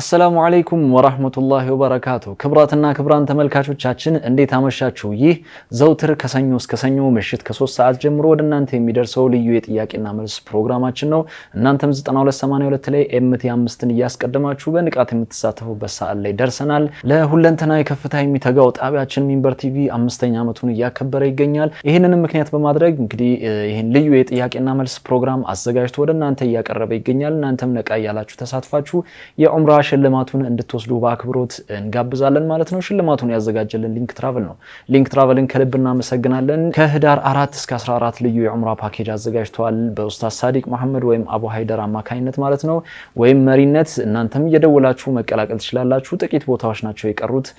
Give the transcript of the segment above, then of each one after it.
አሰላሙ አለይኩም ወራህመቱላሂ ወበረካቱ። ክብራትና ክብራን ተመልካቾቻችን እንዴት አመሻችሁ? ይህ ዘውትር ከሰኞ እስከ ሰኞ ምሽት ከሶስት ሰዓት ጀምሮ ወደ እናንተ የሚደርሰው ልዩ የጥያቄና መልስ ፕሮግራማችን ነው። እናንተም 9282 ላይ ኤምቲ አምስትን እያስቀደማችሁ በንቃት የምትሳተፉበት ሰዓት ላይ ደርሰናል። ለሁለንተናዊ ከፍታ የሚተጋው ጣቢያችን ሚንበር ቲቪ አምስተኛ ዓመቱን እያከበረ ይገኛል። ይህንንም ምክንያት በማድረግ እንግዲህ ይህን ልዩ የጥያቄና መልስ ፕሮግራም አዘጋጅቶ ወደ እናንተ እያቀረበ ይገኛል። እናንተም ነቃ እያላችሁ ተሳትፋችሁ የዑምራ ሽልማቱን እንድትወስዱ በአክብሮት እንጋብዛለን ማለት ነው። ሽልማቱን ያዘጋጀልን ሊንክ ትራቨል ነው። ሊንክ ትራቨልን ከልብ እናመሰግናለን። ከህዳር አራት እስከ 14 ልዩ የዑምራ ፓኬጅ አዘጋጅተዋል በኡስታዝ ሳዲቅ መሐመድ ወይም አቡ ሀይደር አማካኝነት ማለት ነው ወይም መሪነት። እናንተም እየደወላችሁ መቀላቀል ትችላላችሁ። ጥቂት ቦታዎች ናቸው የቀሩት።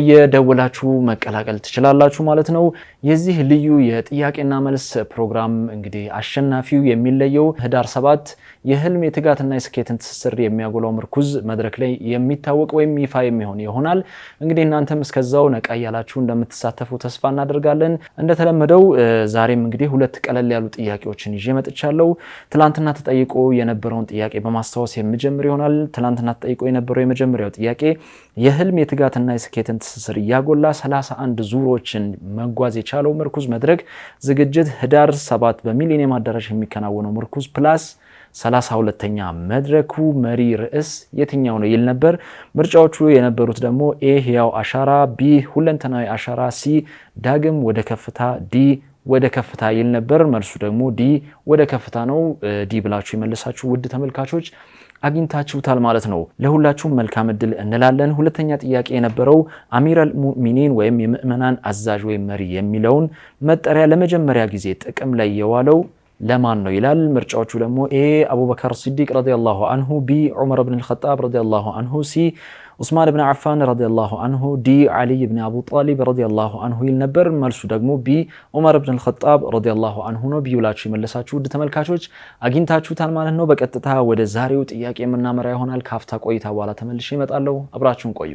እየደወላችሁ መቀላቀል ትችላላችሁ ማለት ነው። የዚህ ልዩ የጥያቄና መልስ ፕሮግራም እንግዲህ አሸናፊው የሚለየው ህዳር ሰባት የህልም የትጋትና የስኬትን ትስስር የሚያጎላው ምርኩዝ መድረ መድረክ ላይ የሚታወቅ ወይም ይፋ የሚሆን ይሆናል። እንግዲህ እናንተም እስከዛው ነቃ እያላችሁ እንደምትሳተፉ ተስፋ እናደርጋለን። እንደተለመደው ዛሬም እንግዲህ ሁለት ቀለል ያሉ ጥያቄዎችን ይዤ መጥቻለሁ። ትላንትና ተጠይቆ የነበረውን ጥያቄ በማስታወስ የምጀምር ይሆናል። ትላንትና ተጠይቆ የነበረው የመጀመሪያው ጥያቄ የህልም የትጋትና የስኬትን ትስስር እያጎላ 31 ዙሮችን መጓዝ የቻለው ምርኩዝ መድረክ ዝግጅት ህዳር ሰባት በሚሊኒየም አዳራሽ የሚከናወነው ምርኩዝ ፕላስ ሰላሳ ሁለተኛ መድረኩ መሪ ርዕስ የትኛው ነው ይል ነበር። ምርጫዎቹ የነበሩት ደግሞ ኤ ህያው አሻራ፣ ቢ ሁለንተናዊ አሻራ፣ ሲ ዳግም ወደ ከፍታ፣ ዲ ወደ ከፍታ ይል ነበር። መልሱ ደግሞ ዲ ወደ ከፍታ ነው። ዲ ብላችሁ የመለሳችሁ ውድ ተመልካቾች አግኝታችሁታል ማለት ነው። ለሁላችሁም መልካም እድል እንላለን። ሁለተኛ ጥያቄ የነበረው አሚራል ሙእሚኒን ወይም የምእመናን አዛዥ ወይም መሪ የሚለውን መጠሪያ ለመጀመሪያ ጊዜ ጥቅም ላይ የዋለው ለማን ነው ይላል። ምርጫዎቹ ደግሞ ኤ አቡበከር ሲዲቅ ረዲየላሁ አንሁ፣ ቢ ዑመር ብን ልኸጣብ ረዲየላሁ አንሁ፣ ሲ ዑስማን ብን ዓፋን ረዲየላሁ አንሁ፣ ዲ ዓሊይ ብን አቡ ጣሊብ ረዲየላሁ አንሁ ይል ነበር። መልሱ ደግሞ ቢ ዑመር ብን ልኸጣብ ረዲየላሁ አንሁ ነው። ቢ ብላችሁ የመለሳችሁ ውድ ተመልካቾች አግኝታችሁታል ማለት ነው። በቀጥታ ወደ ዛሬው ጥያቄ የምናመራ ይሆናል። ካፍታ ቆይታ በኋላ ተመልሼ እመጣለሁ። አብራችሁን ቆዩ።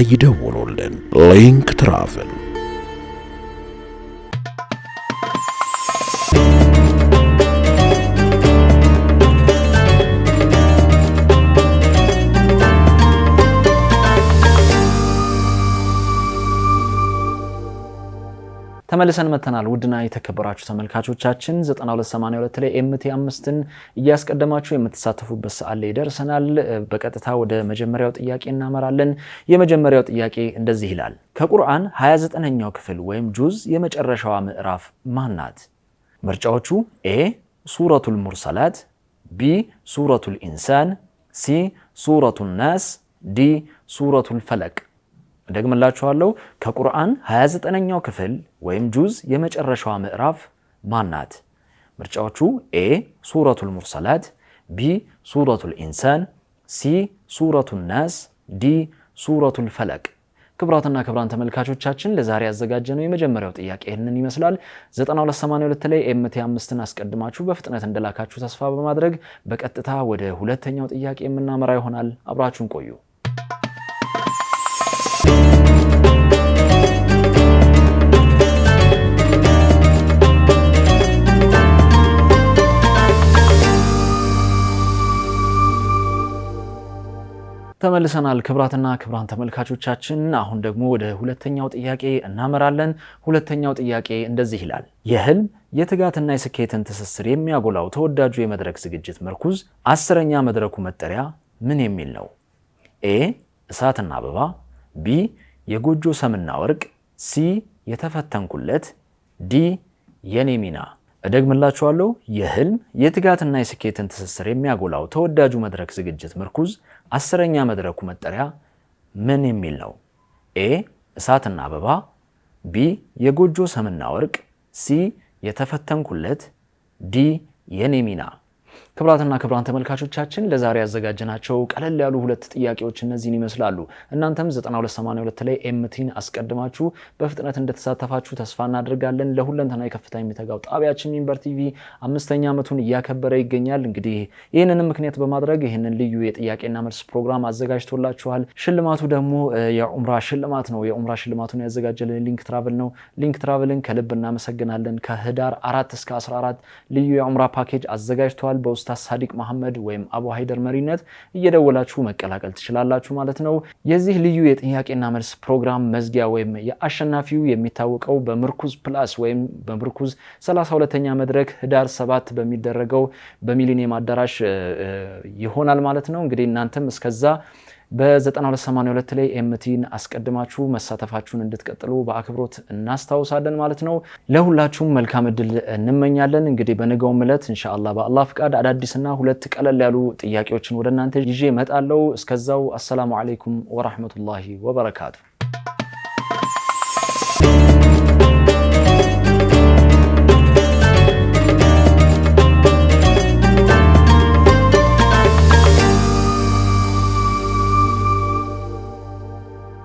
ይደውሉልን። ሊንክ ትራቭል ተመልሰን መተናል። ውድና የተከበራችሁ ተመልካቾቻችን 9282 ላይ ኤምቲ አምስትን እያስቀደማችሁ የምትሳተፉበት ሰዓት ላይ ደርሰናል። በቀጥታ ወደ መጀመሪያው ጥያቄ እናመራለን። የመጀመሪያው ጥያቄ እንደዚህ ይላል። ከቁርአን 29ኛው ክፍል ወይም ጁዝ የመጨረሻዋ ምዕራፍ ማን ናት? ምርጫዎቹ ኤ ሱረቱል ሙርሰላት፣ ቢ ሱረቱል ኢንሳን፣ ሲ ሱረቱ ናስ፣ ዲ ሱረቱል ፈለቅ እደግምላችኋለሁ። ከቁርአን 29ኛው ክፍል ወይም ጁዝ የመጨረሻዋ ምዕራፍ ማናት? ምርጫዎቹ ኤ ሱረቱል ሙርሰላት፣ ቢ ሱረቱል ኢንሳን፣ ሲ ሱረቱን ናስ፣ ዲ ሱረቱል ፈለቅ። ክብራትና ክብራን ተመልካቾቻችን ለዛሬ ያዘጋጀነው የመጀመሪያው ጥያቄ ይህንን ይመስላል። 9282 ላይ ኤምቲ አምስትን አስቀድማችሁ በፍጥነት እንደላካችሁ ተስፋ በማድረግ በቀጥታ ወደ ሁለተኛው ጥያቄ የምናመራ ይሆናል። አብራችሁን ቆዩ። ተመልሰናል ክብራትና ክብራን ተመልካቾቻችን። አሁን ደግሞ ወደ ሁለተኛው ጥያቄ እናመራለን። ሁለተኛው ጥያቄ እንደዚህ ይላል። የህልም የትጋትና የስኬትን ትስስር የሚያጎላው ተወዳጁ የመድረክ ዝግጅት መርኩዝ አስረኛ መድረኩ መጠሪያ ምን የሚል ነው? ኤ እሳትና አበባ፣ ቢ የጎጆ ሰምና ወርቅ፣ ሲ የተፈተንኩለት፣ ዲ የኔ ሚና እደግምላችኋለሁ የህልም የትጋትና የስኬትን ትስስር የሚያጎላው ተወዳጁ መድረክ ዝግጅት ምርኩዝ አስረኛ መድረኩ መጠሪያ ምን የሚል ነው? ኤ እሳትና አበባ፣ ቢ የጎጆ ሰምና ወርቅ፣ ሲ የተፈተንኩለት፣ ዲ የኔ ሚና። ክብራትና ክብራን ተመልካቾቻችን ለዛሬ ያዘጋጀናቸው ቀለል ያሉ ሁለት ጥያቄዎች እነዚህን ይመስላሉ። እናንተም 9282 ላይ ኤምቲን አስቀድማችሁ በፍጥነት እንደተሳተፋችሁ ተስፋ እናደርጋለን። ለሁለንተና የከፍታ የሚተጋው ጣቢያችን ሚንበር ቲቪ አምስተኛ ዓመቱን እያከበረ ይገኛል። እንግዲህ ይህንንም ምክንያት በማድረግ ይህንን ልዩ የጥያቄና መልስ ፕሮግራም አዘጋጅቶላችኋል። ሽልማቱ ደግሞ የዑምራ ሽልማት ነው። የዑምራ ሽልማቱን ያዘጋጀልን ሊንክ ትራቭል ነው። ሊንክ ትራቭልን ከልብ እናመሰግናለን። ከህዳር 4 እስከ 14 ልዩ የዑምራ ፓኬጅ አዘጋጅተዋል በውስ ኡስታዝ ሳዲቅ መሐመድ ወይም አቡ ሀይደር መሪነት እየደወላችሁ መቀላቀል ትችላላችሁ ማለት ነው። የዚህ ልዩ የጥያቄና መልስ ፕሮግራም መዝጊያ ወይም የአሸናፊው የሚታወቀው በምርኩዝ ፕላስ ወይም በምርኩዝ 32ኛ መድረክ ህዳር ሰባት በሚደረገው በሚሊኒየም አዳራሽ ይሆናል ማለት ነው። እንግዲህ እናንተም እስከዛ በ9282 ላይ ኤምቲን አስቀድማችሁ መሳተፋችሁን እንድትቀጥሉ በአክብሮት እናስታውሳለን ማለት ነው። ለሁላችሁም መልካም እድል እንመኛለን። እንግዲህ በነገውም ዕለት እንሻላ በአላህ ፍቃድ አዳዲስና ሁለት ቀለል ያሉ ጥያቄዎችን ወደ እናንተ ይዤ እመጣለሁ። እስከዛው አሰላሙ አለይኩም ወራህመቱላሂ ወበረካቱ።